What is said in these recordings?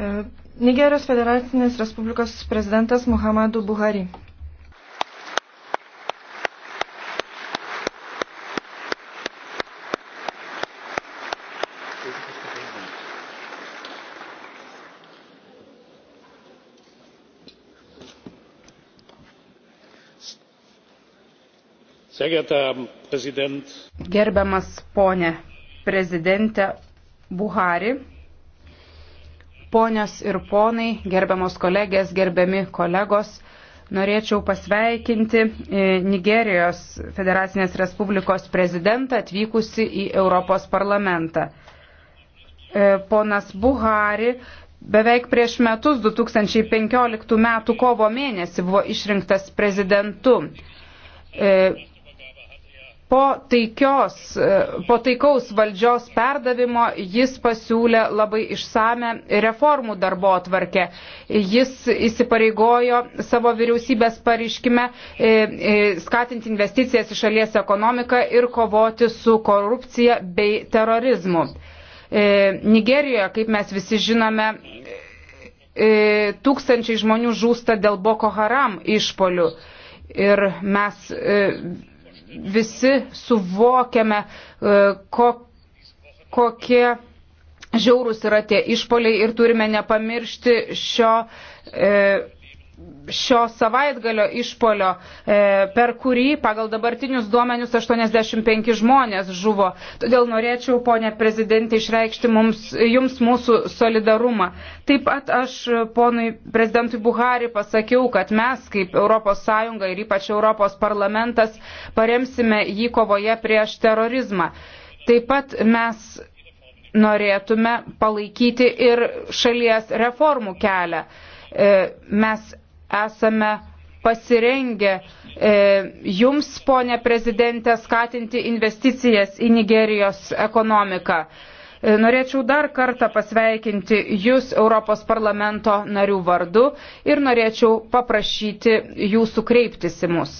E, Nigerijos federacinės Respublikos prezidentas Muhammadu Buhari. Gerbiamas ponė prezidente Buhari, Ponios ir ponai, gerbiamos kolegės, gerbiami kolegos, norėčiau pasveikinti e, Nigerijos Federacinės Respublikos prezidentą atvykusi į Europos parlamentą. E, ponas Buhari beveik prieš metus, 2015 m. kovo mėnesį, buvo išrinktas prezidentu. E, po, taikios, e, po taikaus valdžios perdavimo jis pasiūlė labai išsame reformų darbo atvarkę. Jis įsipareigojo savo vyriausybės pareiškime e, e, skatinti investicijas į šalies ekonomiką ir kovoti su korupcija bei terorizmu. Nigerijoje, kaip mes visi žinome, tūkstančiai žmonių žūsta dėl Boko Haram išpolių. Ir mes visi suvokiame, e, ko, kokie žiaurūs yra tie išpoliai ir turime nepamiršti šio. E, šio savaitgalio išpolio, e, per kurį pagal dabartinius duomenius 85 žmonės žuvo. Todėl norėčiau, ponė prezidentė, išreikšti mums, jums mūsų solidarumą. Taip pat aš ponui prezidentui Buhari pasakiau, kad mes kaip ES ir ypač ES parlamentas paremsime jį kovoje prieš terorizmą. Taip pat mes norėtume palaikyti ir šalies reformų kelią. E, mes esame pasirengę e, jums, ponė prezidentė, skatinti investicijas į Nigerijos ekonomiką. E, norėčiau dar kartą pasveikinti jūs Europos parlamento narių vardu ir norėčiau paprašyti jūsų kreiptis į mus.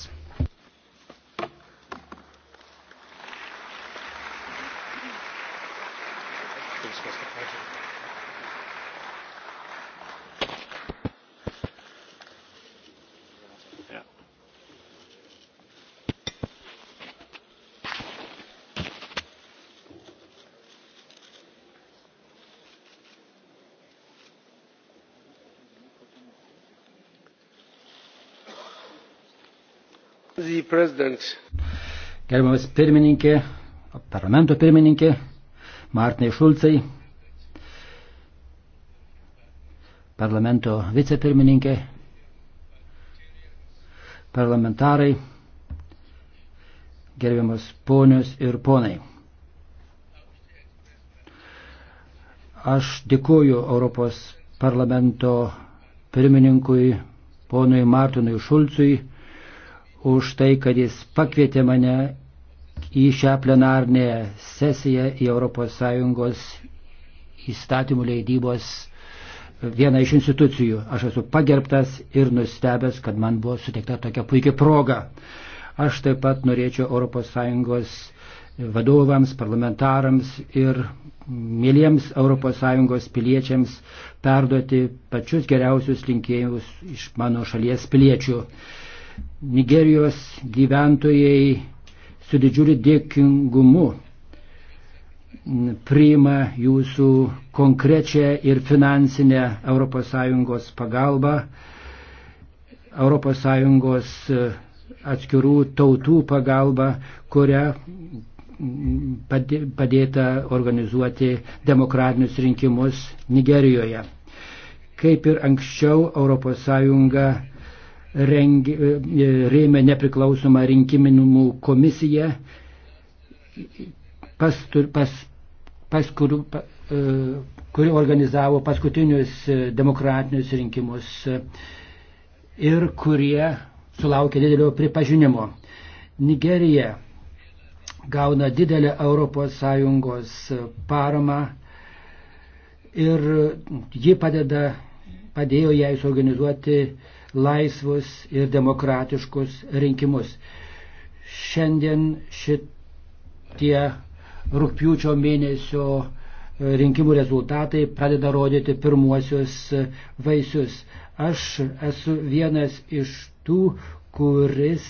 Gerbiamas pirmininkė, parlamento pirmininkė, Martinai Šulcai, parlamento vicepirmininkė, parlamentarai, gerbiamas ponios ir ponai. Aš dėkuoju Europos parlamento pirmininkui ponui Martinui Šulcui už tai, kad jis pakvietė mane į šią plenarnę sesiją į ES įstatymų leidybos vieną iš institucijų. Aš esu pagerbtas ir nustebęs, kad man buvo suteikta tokia puikia proga. Aš taip pat norėčiau ES vadovams, parlamentarams ir mėlyjams ES piliečiams perduoti pačius geriausius linkėjimus iš mano šalies piliečių. Nigerijos gyventojai su didžiuliu dėkingumu priima jūsų konkrečią ir finansinę ES pagalbą, ES e, atskirų tautų pagalbą, kurią padėta organizuoti demokratinius rinkimus Nigerijoje. Kaip ir anksčiau, ES rengi, e, rėmė nepriklausomą rinkiminimų komisiją, pas, pas, pas kurių, e, kuri organizavo paskutinius demokratinius rinkimus ir kurie sulaukė didelio pripažinimo. Nigerija gauna didelę ES paramą ir ji padeda, padėjo jai suorganizuoti uh, laisvus ir demokratiškus rinkimus. Šiandien šitie rūpiučio mėnesio e, rinkimų rezultatai pradeda rodyti pirmuosius e, vaisius. Aš esu vienas iš tų, kuris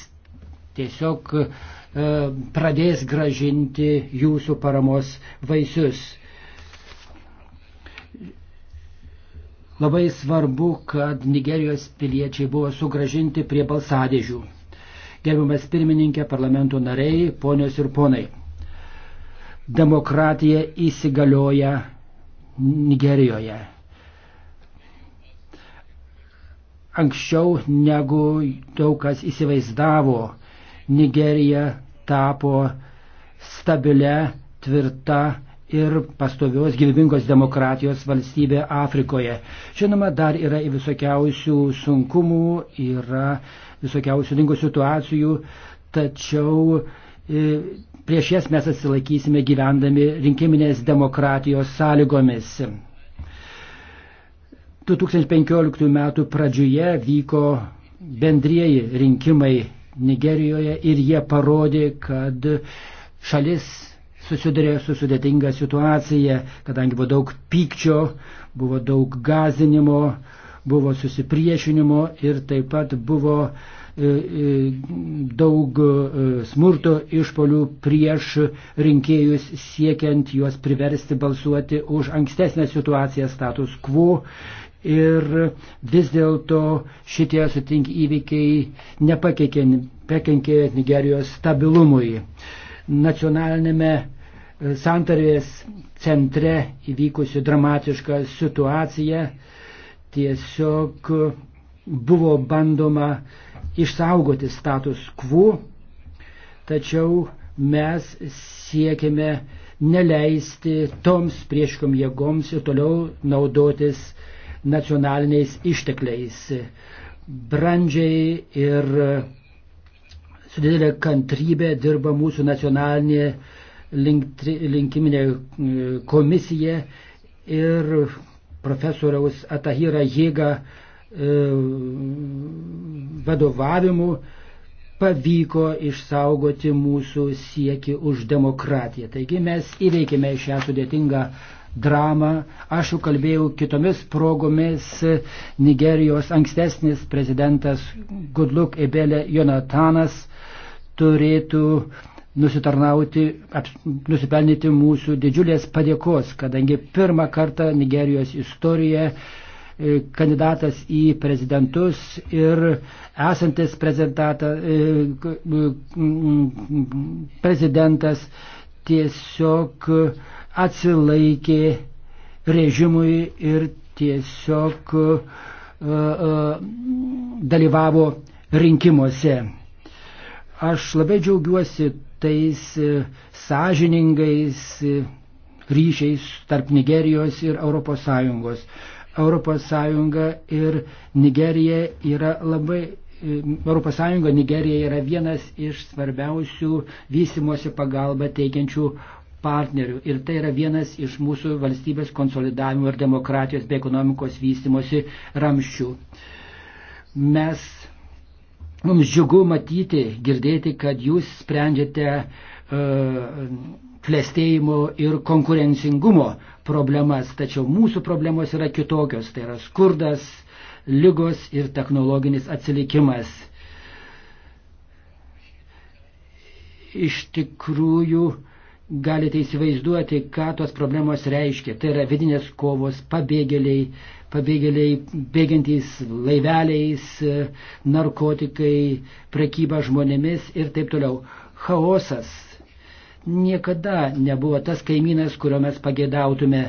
tiesiog e, pradės gražinti jūsų paramos vaisius. Labai svarbu, kad Nigerijos piliečiai buvo sugražinti prie balsadėžių. Gerbiamas pirmininkė, parlamento nariai, ponios ir ponai. Demokratija įsigalioja Nigerijoje. Anksčiau negu daug kas įsivaizdavo, Nigerija tapo stabilia, tvirta ir pastovios gyvybingos demokratijos valstybė Afrikoje. Žinoma, dar yra visokiausių sunkumų, yra visokiausių dingų situacijų, tačiau e, prieš jas mes atsilaikysime gyvendami rinkiminės demokratijos sąlygomis. 2015 m. pradžioje vyko bendrieji rinkimai Nigerijoje ir jie parodė, kad šalis susidurė su sudėtinga situacija, kadangi buvo daug pykčio, buvo daug gazinimo, buvo susipriešinimo ir taip pat buvo e, e, daug e, smurto išpolių prieš rinkėjus siekiant juos priversti balsuoti už ankstesnę situaciją status quo. Ir vis dėlto šitie sutink įvykiai nepakenkė Nigerijos stabilumui. Nacionalinėme santarvės centre įvykusi dramatiška situacija. Tiesiog buvo bandoma išsaugoti status quo, tačiau mes siekime neleisti toms prieškom jėgoms ir toliau naudotis nacionaliniais ištekliais. Brandžiai ir su didelė kantrybė dirba mūsų nacionalinė link, linkiminė e, komisija ir profesoriaus Atahira Jėga e, vadovavimu pavyko išsaugoti mūsų sieki už demokratiją. Taigi mes įveikėme šią sudėtingą dramą. Aš jau kalbėjau kitomis progomis. Nigerijos ankstesnis prezidentas Gudluk Ebele Jonatanas turėtų nusitarnauti, aps, nusipelnyti mūsų didžiulės padėkos, kadangi pirmą kartą Nigerijos istorijoje e, kandidatas į prezidentus ir esantis e, prezidentas tiesiog atsilaikė režimui ir tiesiog e, dalyvavo rinkimuose. Aš labai džiaugiuosi tais e, sąžiningais e, ryšiais tarp Nigerijos ir ES. ES ir Nigerija yra labai. ES Nigerija yra vienas iš svarbiausių vystimosi pagalba teikiančių partnerių. Ir tai yra vienas iš mūsų valstybės konsolidavimo ir demokratijos bei ekonomikos vystimosi ramščių. Mes Mums džiugu matyti, girdėti, kad jūs sprendžiate uh, klėstėjimo ir konkurencingumo problemas, tačiau mūsų problemos yra kitokios, tai yra skurdas, lygos ir technologinis atsilikimas. Iš tikrųjų, uh, galite įsivaizduoti, ką tos problemos reiškia. Tai yra vidinės kovos, pabėgėliai, pabėgėliai bėgantys laiveliais, narkotikai, prekyba žmonėmis ir taip toliau. Chaosas. Niekada nebuvo tas kaimynas, kurio mes pagėdautume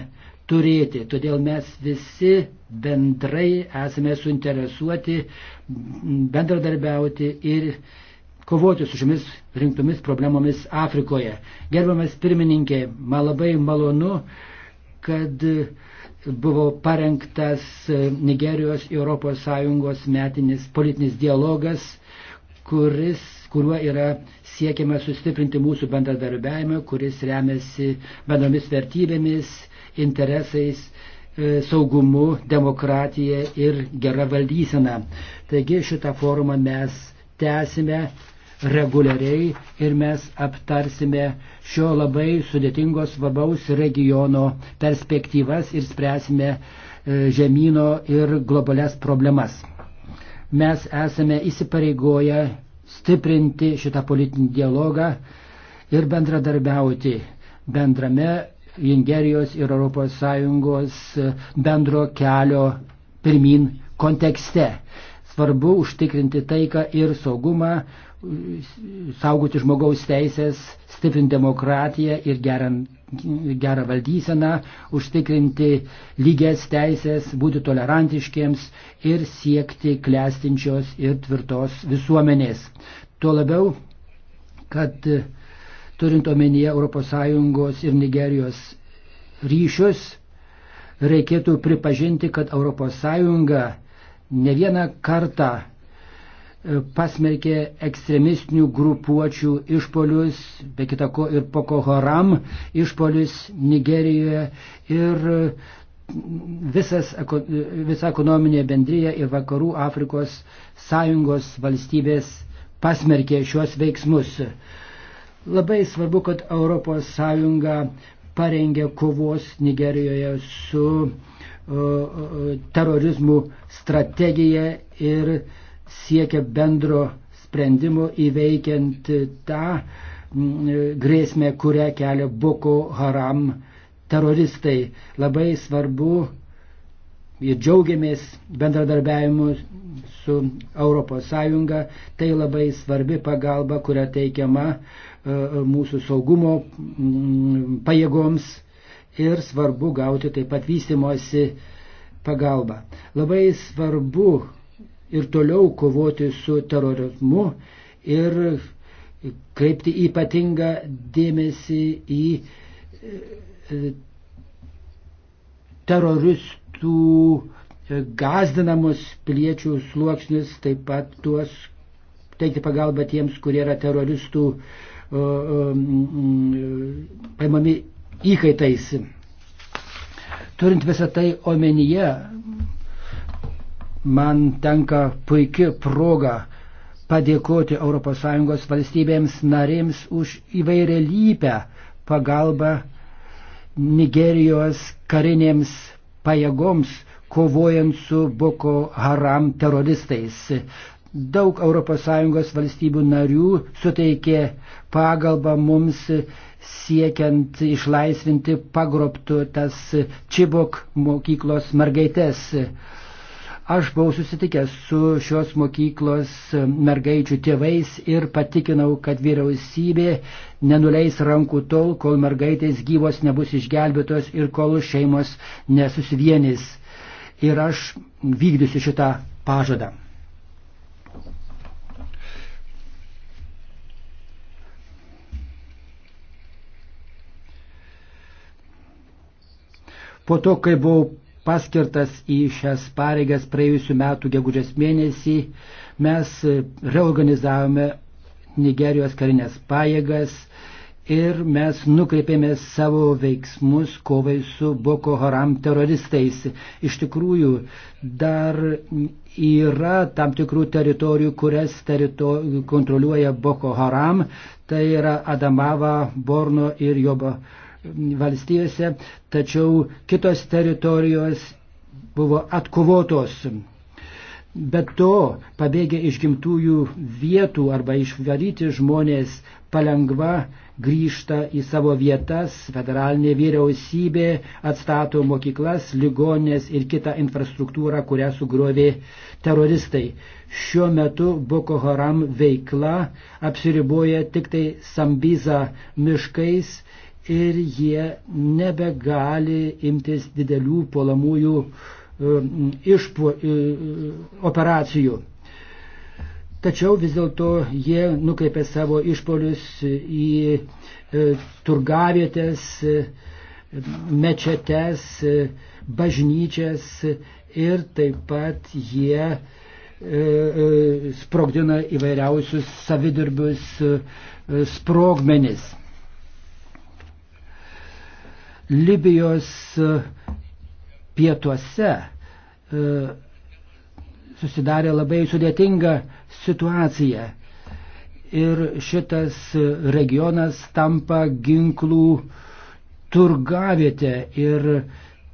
turėti. Todėl mes visi bendrai esame suinteresuoti bendradarbiauti ir kovoti su šiomis rinktomis problemomis Afrikoje. Gerbiamas pirmininkė, man labai malonu, kad buvo parengtas Nigerijos ES metinis politinis dialogas, kuris, kuriuo yra siekiama sustiprinti mūsų bendradarbiavimą, kuris remiasi bendromis vertybėmis, interesais e, saugumu, demokratija ir gera valdysena. Taigi šitą formą mes tęsime reguliariai ir mes aptarsime šio labai sudėtingos svarbaus regiono perspektyvas ir spręsime e, žemynų ir globales problemas. Mes esame įsipareigoję stiprinti šitą politinį dialogą ir bendradarbiauti bendrame Ingerijos ir ES bendro kelio pirmin kontekste. Svarbu užtikrinti taiką ir saugumą, saugoti žmogaus teisės, stiprinti demokratiją ir gerą, gerą valdyseną, užtikrinti lygias teisės, būti tolerantiškiems ir siekti klestinčios ir tvirtos visuomenės. Tuo labiau, kad e, turint omenyje ES ir Nigerijos ryšius, reikėtų pripažinti, kad ES ne vieną kartą pasmerkė ekstremistinių grupuočių išpolius, be kitako ir Poko Haram išpolius Nigerijoje ir visas, visa ekonominė bendryja ir vakarų Afrikos sąjungos valstybės pasmerkė šios veiksmus. Labai svarbu, kad ES parengė kovos Nigerijoje su uh, terorizmu strategiją ir uh, siekia bendro sprendimo įveikiant tą grėsmę, kurią kelia Boko Haram teroristai. Labai svarbu ir džiaugiamės bendradarbiavimu su ES. Tai labai svarbi pagalba, kuria teikiama e, mūsų saugumo pajėgoms ir svarbu gauti taip pat vystimosi pagalbą. Labai svarbu ir toliau kovoti su terorizmu ir kreipti ypatingą dėmesį į e, teroristų gazdinamus piliečių sluoksnius, taip pat tuos teikti pagalbą tiems, kurie yra teroristų e, e, paimami įkaitais. Turint visą tai omenyje, man tenka puikia proga padėkoti ES valstybėms narėms už įvairialypę pagalbą Nigerijos karinėms pajėgoms kovojant su Boko Haram teroristais. Daug ES valstybių narių suteikė pagalbą mums siekiant išlaisvinti pagrobtų tas Čibok mokyklos mergaitės. Aš buvau susitikęs su šios mokyklos mergaičių tėvais ir patikinau, kad vyriausybė nenuleis rankų tol, kol mergaitės gyvos nebus išgelbėtos ir kol šeimos nesusivienys. Ir aš vykdysiu šitą pažadą. Po to, kai buvau paskirtas į šias pareigas praėjusiu metu gegužės mėnesį, mes reorganizavome Nigerijos karinės pajėgas ir mes nukreipėme savo veiksmus kovai su Boko Haram teroristais. Iš tikrųjų, dar yra tam tikrų teritorijų, kurias terito kontroliuoja Boko Haram, tai yra Adamava, Borno ir Joba valstijose, tačiau kitos teritorijos buvo atkovotos. Bet to pabėgę iš gimtųjų vietų arba išvaryti žmonės palengva grįžta į savo vietas, federalinė vyriausybė atstato mokyklas, ligonės ir kitą infrastruktūrą, kurią sugriovė teroristai. Šiuo metu Boko Haram veikla apsiriboja tik tai Sambiza miškais ir jie nebegali imtis didelių puolamųjų e, išpo, e, e, operacijų. Tačiau vis dėlto jie nukreipė savo išpolius į turgavietės, mečetes, bažnyčias ir taip pat jie sprogdina įvairiausius savidirbius sprogmenis. Libijos e, pietuose e, susidarė labai sudėtinga situacija. Ir šitas regionas tampa ginklų turgavietė ir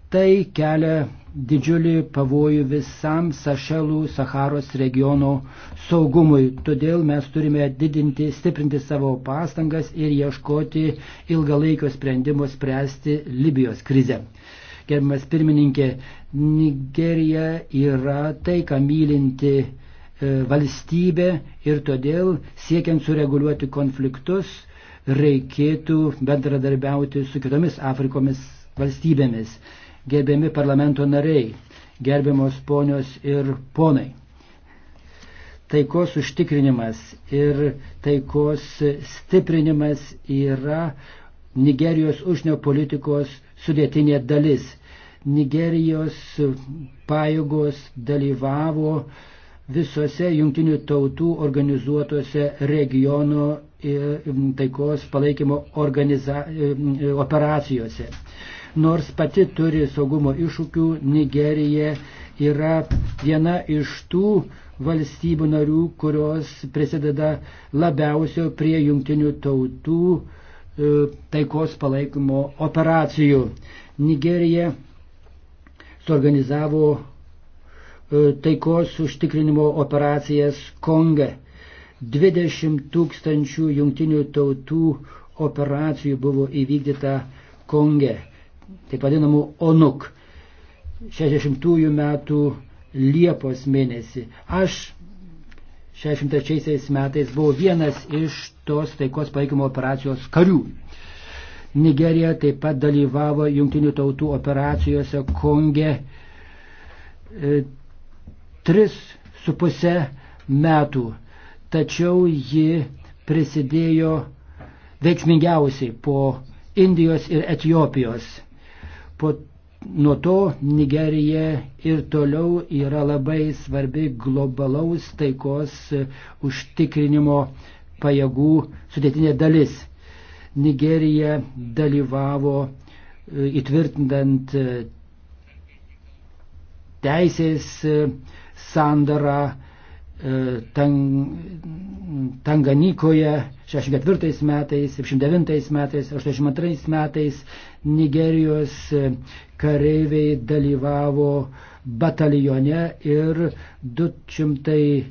tai kelia didžiulį pavojų visam Sašelų Saharos regiono saugumui. Todėl mes turime didinti, stiprinti savo pastangas ir ieškoti ilgalaikio sprendimo spręsti Libijos krizę. Gerbimas pirmininkė, Nigerija yra taika mylinti e, valstybė ir todėl siekiant sureguliuoti konfliktus reikėtų bendradarbiauti su kitomis Afrikomis valstybėmis gerbiami parlamento nariai, gerbiamos ponios ir ponai. Taikos užtikrinimas ir taikos stiprinimas yra Nigerijos užsienio politikos sudėtinė dalis. Nigerijos pajėgos dalyvavo visose jungtinių tautų organizuotose regiono taikos palaikymo organiza... operacijose. Nors pati turi saugumo iššūkių, Nigerija yra viena iš tų valstybių narių, kurios prisideda labiausio prie jungtinių tautų e, taikos palaikymo operacijų. Nigerija suorganizavo e, taikos užtikrinimo operacijas Konge. 20 tūkstančių jungtinių tautų operacijų buvo įvykdyta Konge taip vadinamų onuk, 60 metų Liepos mėnesį. Aš 63 metais buvau vienas iš tos taikos palaikymo operacijos karių. Nigerija taip pat dalyvavo jungtinių tautų operacijose Konge e, tris su pusę metų, tačiau ji prisidėjo veiksmingiausiai po Indijos ir Etijopijos. Po, nuo to Nigerija ir toliau yra labai svarbi globalaus taikos e, užtikrinimo pajėgų sudėtinė dalis. Nigerija dalyvavo e, įtvirtinant e, teisės sandarą E, Tanganikoje 64 metais, 79 metais, 82 metais Nigerijos kareiviai dalyvavo batalione ir 202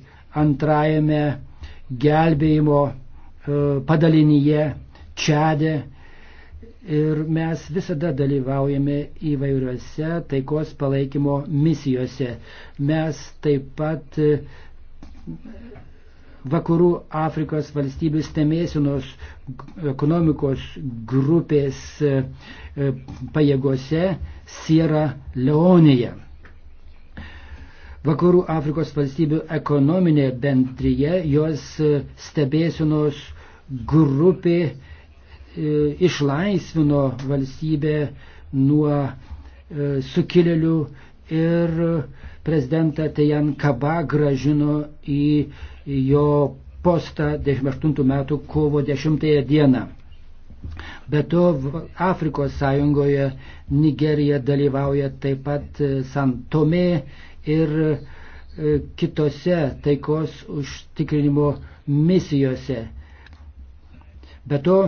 gelbėjimo e, padalinyje Čadė. Ir mes visada dalyvaujame įvairiuose taikos palaikymo misijose. Mes taip pat e, vakarų Afrikos valstybių stebėsinos ekonomikos grupės e, e, pajėgose Sierra Leonėje. Vakarų Afrikos valstybių ekonominė bendryje jos e, stebėsinos grupė išlaisvino valstybę nuo sukilėlių ir prezidentą Tejan Kaba gražino į jo postą 98 metų kovo 10 dieną. Be to, Afrikos sąjungoje Nigerija dalyvauja taip pat e, Santomė ir e, kitose taikos užtikrinimo misijose. Be to,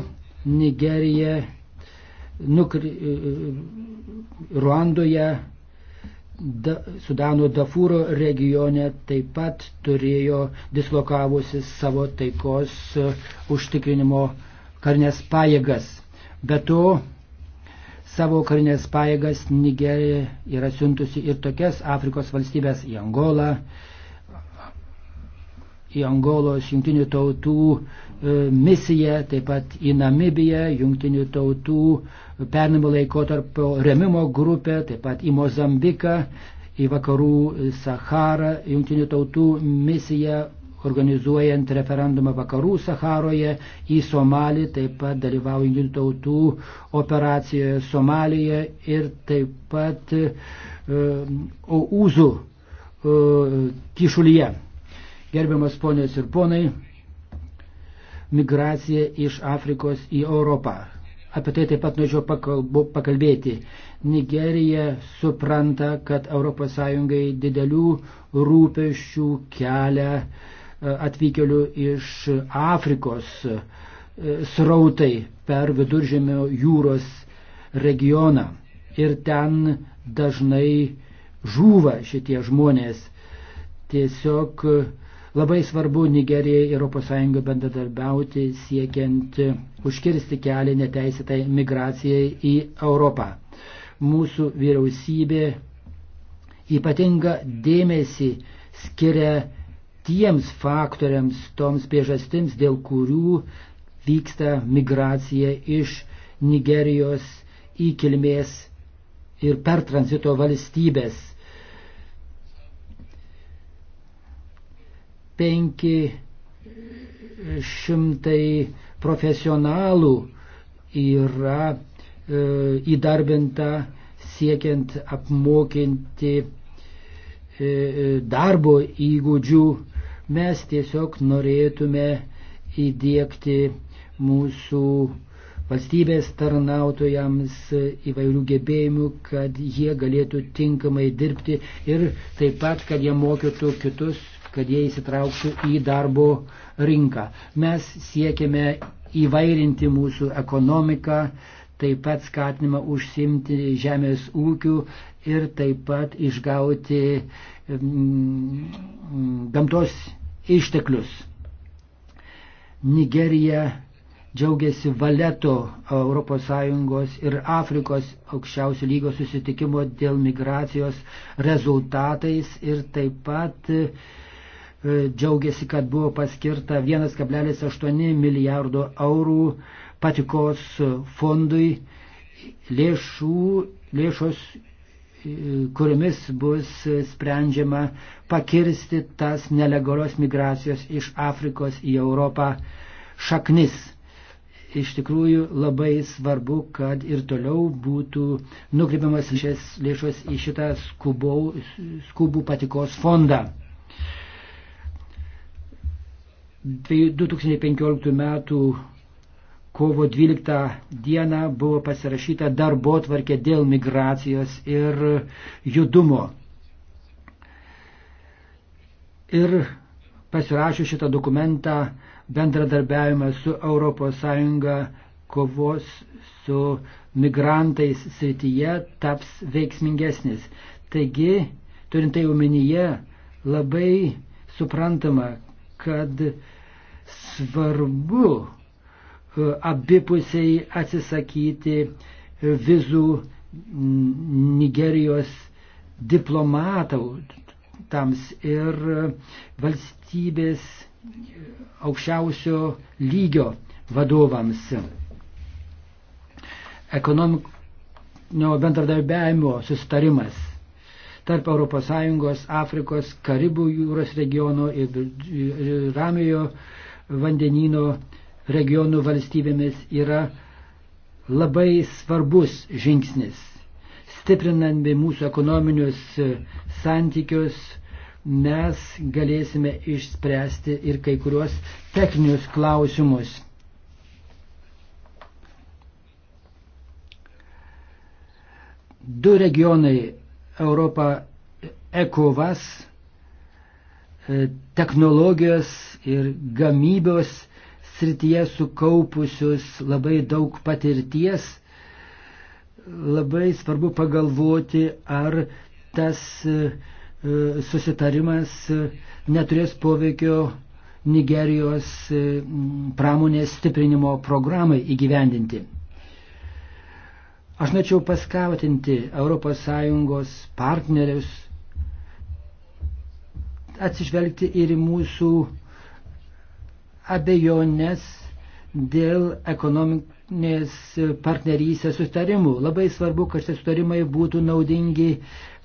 Nigerija, Nukri, e, Ruandoje da, Sudano Dafūro regione taip pat turėjo dislokavusi savo taikos e, užtikrinimo karinės pajėgas. Be to, savo karinės pajėgas Nigerija yra siuntusi ir tokias Afrikos valstybės į Angolą, į Angolos jungtinių tautų e, misiją, taip pat į Namibiją, jungtinių tautų e, pernimo laikotarpio remimo grupę, taip pat į Mozambiką, į vakarų Saharą, jungtinių tautų misiją organizuojant referendumą vakarų Saharoje, į Somalį, taip pat dalyvauja jungtinių tautų operacijoje Somalijoje ir taip pat uh, e, Ouzų uh, kišulyje. Gerbiamas ponės ir ponai, migracija iš Afrikos į Europą. Apie tai taip pat norėčiau pakalbėti. Nigerija supranta, kad ES didelių rūpeščių kelia e, atvykėlių iš Afrikos e, srautai per viduržėmio jūros regioną. Ir ten dažnai žūva šitie žmonės. Tiesiog uh, Labai svarbu Nigerijai ir ES bendradarbiauti siekiant užkirsti kelią neteisėtai migracijai į Europą. Mūsų vyriausybė ypatinga dėmesį skiria tiems faktoriams, toms priežastims, dėl kurių vyksta migracija iš Nigerijos į kilmės ir per tranzito valstybės. 500 profesionalų yra e, įdarbinta siekiant apmokinti e, e, darbo įgūdžių. Mes tiesiog norėtume įdėkti mūsų valstybės tarnautojams įvairių gebėjimų, kad jie galėtų tinkamai dirbti ir taip pat, kad jie mokytų kitus kad jie įsitrauktų į darbo rinką. Mes siekiame įvairinti mūsų ekonomiką, taip pat skatinimą užsimti žemės ūkių ir taip pat išgauti mm, mm, gamtos išteklius. Nigerija džiaugiasi Valeto ES ir Afrikos aukščiausio lygos susitikimo dėl migracijos rezultatais ir taip pat E, džiaugiasi, kad buvo paskirta 1,8 milijardo eurų patikos fondui lėšų, lėšos, e, kuriomis bus sprendžiama pakirsti tas nelegalios migracijos iš Afrikos į Europą šaknis. Iš tikrųjų labai svarbu, kad ir toliau būtų nukreipiamas šias lėšos į šitą skubų, skubų patikos fondą. 2015 tai m. kovo 12 d. buvo pasirašyta darbo tvarkė dėl migracijos ir judumo. Ir pasirašius šitą dokumentą bendradarbiavimą su ES kovos su migrantais srityje taps veiksmingesnis. Taigi, turint tai omenyje, labai suprantama, kad svarbu e, abipusiai atsisakyti vizų Nigerijos diplomatams ir valstybės aukščiausio lygio vadovams. Ekonominio bendradarbiavimo sustarimas tarp ES, Afrikos, Karibų jūros regiono ir Ramijo vandenino regionų valstybėmis yra labai svarbus žingsnis, stiprinami mūsų ekonominius santykius, mes galėsime išspręsti ir kai kuriuos techninius klausimus. Du regionai Europa ECOVAS E, technologijos ir gamybos srityje sukaupusius labai daug patirties, labai svarbu pagalvoti, ar tas e, e, susitarimas neturės poveikio Nigerijos pramonės stiprinimo programai įgyvendinti. Aš norėčiau paskatinti ES partnerius atsižvelgti ir į mūsų abejonės dėl ekonominės partnerystės sustarimų. Labai svarbu, kad šie sustarimai būtų naudingi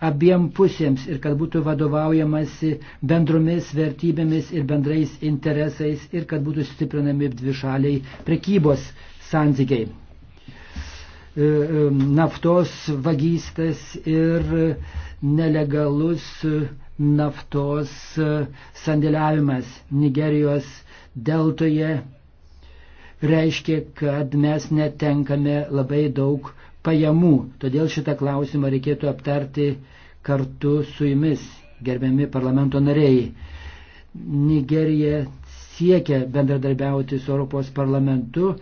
abiem pusėms ir kad būtų vadovaujamasi bendromis vertybėmis ir bendrais interesais ir kad būtų stiprinami dvišaliai prekybos santykiai. E, e, naftos vagystės ir nelegalus naftos e, sandėliavimas Nigerijos deltoje reiškia, kad mes netenkame labai daug pajamų. Todėl šitą klausimą reikėtų aptarti kartu su jumis, gerbiami parlamento nariai. Nigerija siekia bendradarbiauti su Europos parlamentu,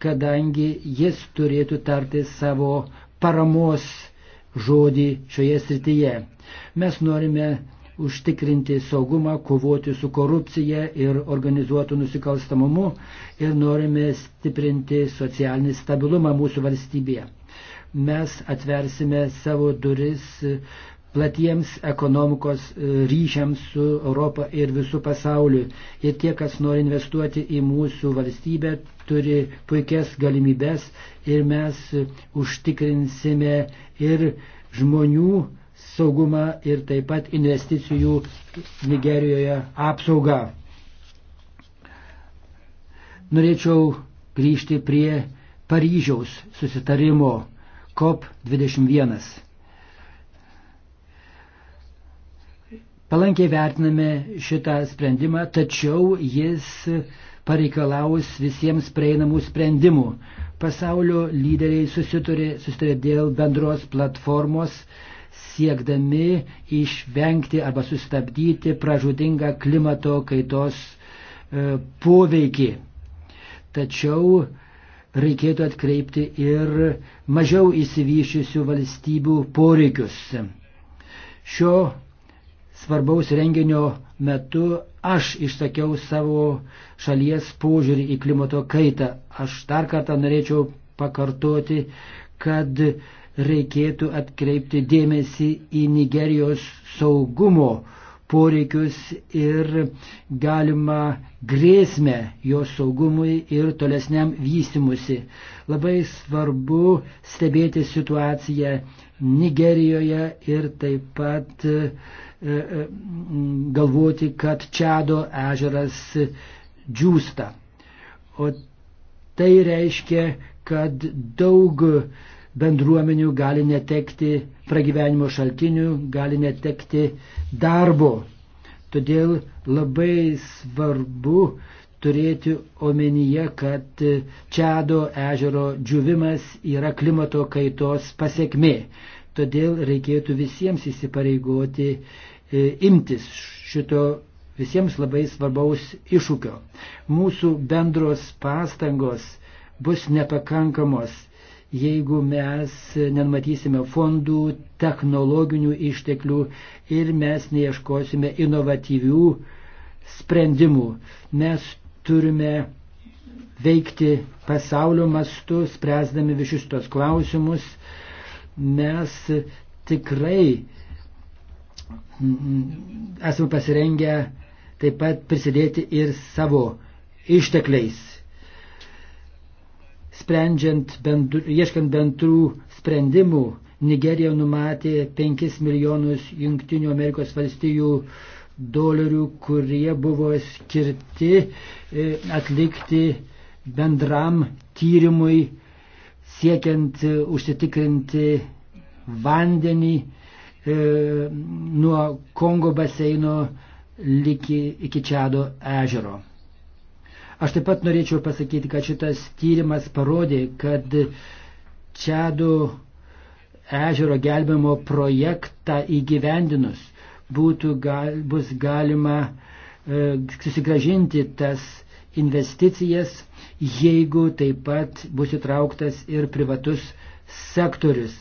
kadangi jis turėtų tarti savo paramos žodį šioje srityje. Mes norime užtikrinti saugumą, kovoti su korupcija ir organizuotu nusikalstamumu ir norime stiprinti socialinį stabilumą mūsų valstybėje. Mes atversime savo duris platiems ekonomikos e, ryšiams su Europa ir visų pasauliu. Ir tie, kas nori investuoti į mūsų valstybę, turi puikias galimybės ir mes užtikrinsime ir žmonių saugumą ir taip pat investicijų Nigerijoje apsaugą. Norėčiau grįžti prie Paryžiaus susitarimo COP21. Palankiai vertiname šitą sprendimą, tačiau jis pareikalaus visiems prieinamų sprendimų. Pasaulio lyderiai susiturė, susiturė dėl bendros platformos siekdami išvengti arba sustabdyti pražudingą klimato kaitos e, poveikį. Tačiau reikėtų atkreipti ir mažiau įsivyšiusių valstybių poreikius. Šio svarbaus renginio metu aš išsakiau savo šalies požiūrį į klimato kaitą. Aš dar kartą norėčiau pakartoti, kad reikėtų atkreipti dėmesį į Nigerijos saugumo poreikius ir galima grėsmę jos saugumui ir tolesniam vystimusi. Labai svarbu stebėti situaciją Nigerijoje ir taip pat e, e, galvoti, kad Čado ežeras džiūsta. O tai reiškia, kad daug bendruomenių gali netekti pragyvenimo šaltinių, gali netekti darbo. Todėl labai svarbu turėti omenyje, kad Čado ežero džiuvimas yra klimato kaitos pasiekmė. Todėl reikėtų visiems įsipareigoti e, imtis šito visiems labai svarbaus iššūkio. Mūsų bendros pastangos bus nepakankamos, jeigu mes nenumatysime fondų, technologinių išteklių ir mes neieškosime inovatyvių sprendimų. Mes turime veikti pasaulio mastu, spręsdami visus tos klausimus. Mes tikrai esame pasirengę taip pat prisidėti ir savo ištekliais. Sprendžiant, bendru, ieškant bendrų sprendimų, Nigerija numatė 5 milijonus Junktinių Amerikos valstijų uh, dolerių, kurie buvo skirti e, atlikti bendram tyrimui, siekiant e, užsitikrinti vandenį e, nuo Kongo baseino iki, iki Čado ežero. Aš taip pat norėčiau pasakyti, kad šitas tyrimas parodė, kad Čado ežero gelbėjimo projektą įgyvendinus būtų gal, bus galima e, susigražinti tas investicijas, jeigu taip pat bus įtrauktas ir privatus sektorius.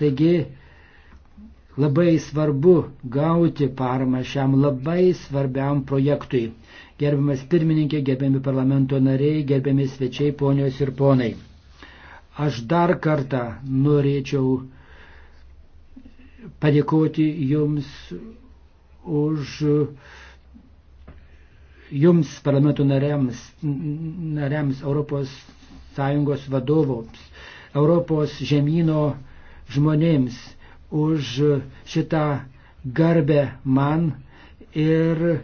Taigi labai svarbu gauti paramą šiam labai svarbiam projektui. Gerbiamas pirmininkė, gerbiami parlamento nariai, gerbiami svečiai, ponios ir ponai. Aš dar kartą norėčiau padėkoti Jums už e, jums, parlamento nariams, nariams Europos Sąjungos vadovams, Europos žemynų žmonėms, už šitą garbę man ir e,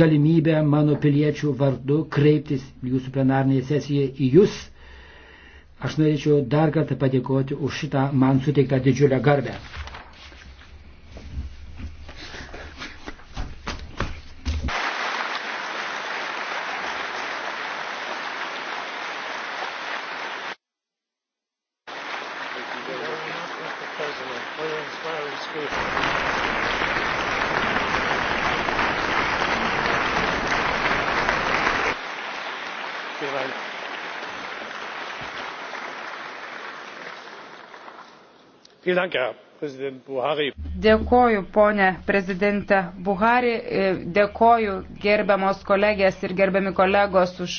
galimybę mano piliečių vardu kreiptis jūsų plenarnėje sesijoje į jūs. Aš norėčiau dar kartą padėkoti už šitą man suteiktą didžiulę garbę. Dėkoju, ponė prezidente Buhari, e, dėkoju gerbiamos kolegės ir gerbiami kolegos už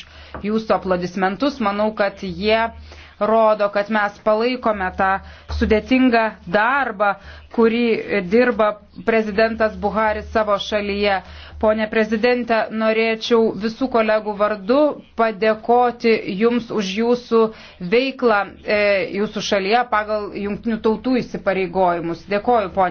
jūsų aplodismentus. Manau, kad jie rodo, kad mes palaikome tą sudėtingą darbą, kurį dirba prezidentas Buharis savo šalyje. Pone prezidente, norėčiau visų kolegų vardu padėkoti Jums už Jūsų veiklą e, Jūsų šalyje pagal jungtinių tautų įsipareigojimus. Dėkoju, ponė.